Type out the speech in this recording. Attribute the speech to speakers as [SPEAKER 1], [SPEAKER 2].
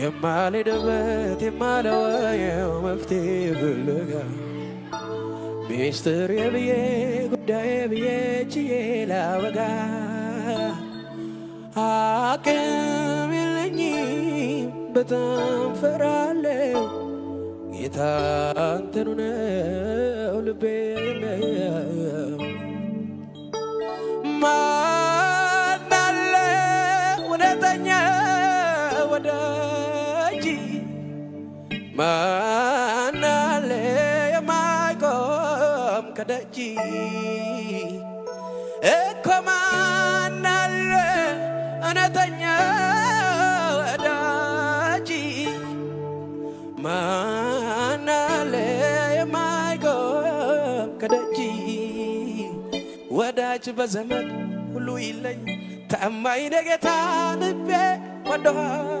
[SPEAKER 1] የማልሄድበት የማላወየው መፍትሄ ፍለጋ ሚስጥር የብዬ ጉዳይ ብዬ ችዬ ላወጋ አቅም የለኝም በጣም ፈራለሁ ጌታ አንተኑ ነው ልቤ ወዳጅ ማናለ የማይቆም ከደጅ እኮ ማናለ እውነተኛ ወዳጅ ማናለ የማይቆም ከደጅ ወዳጅ በዘመን ሁሉ ይለኝ ተአማኝ ነጌታ ልቤ ወደኋ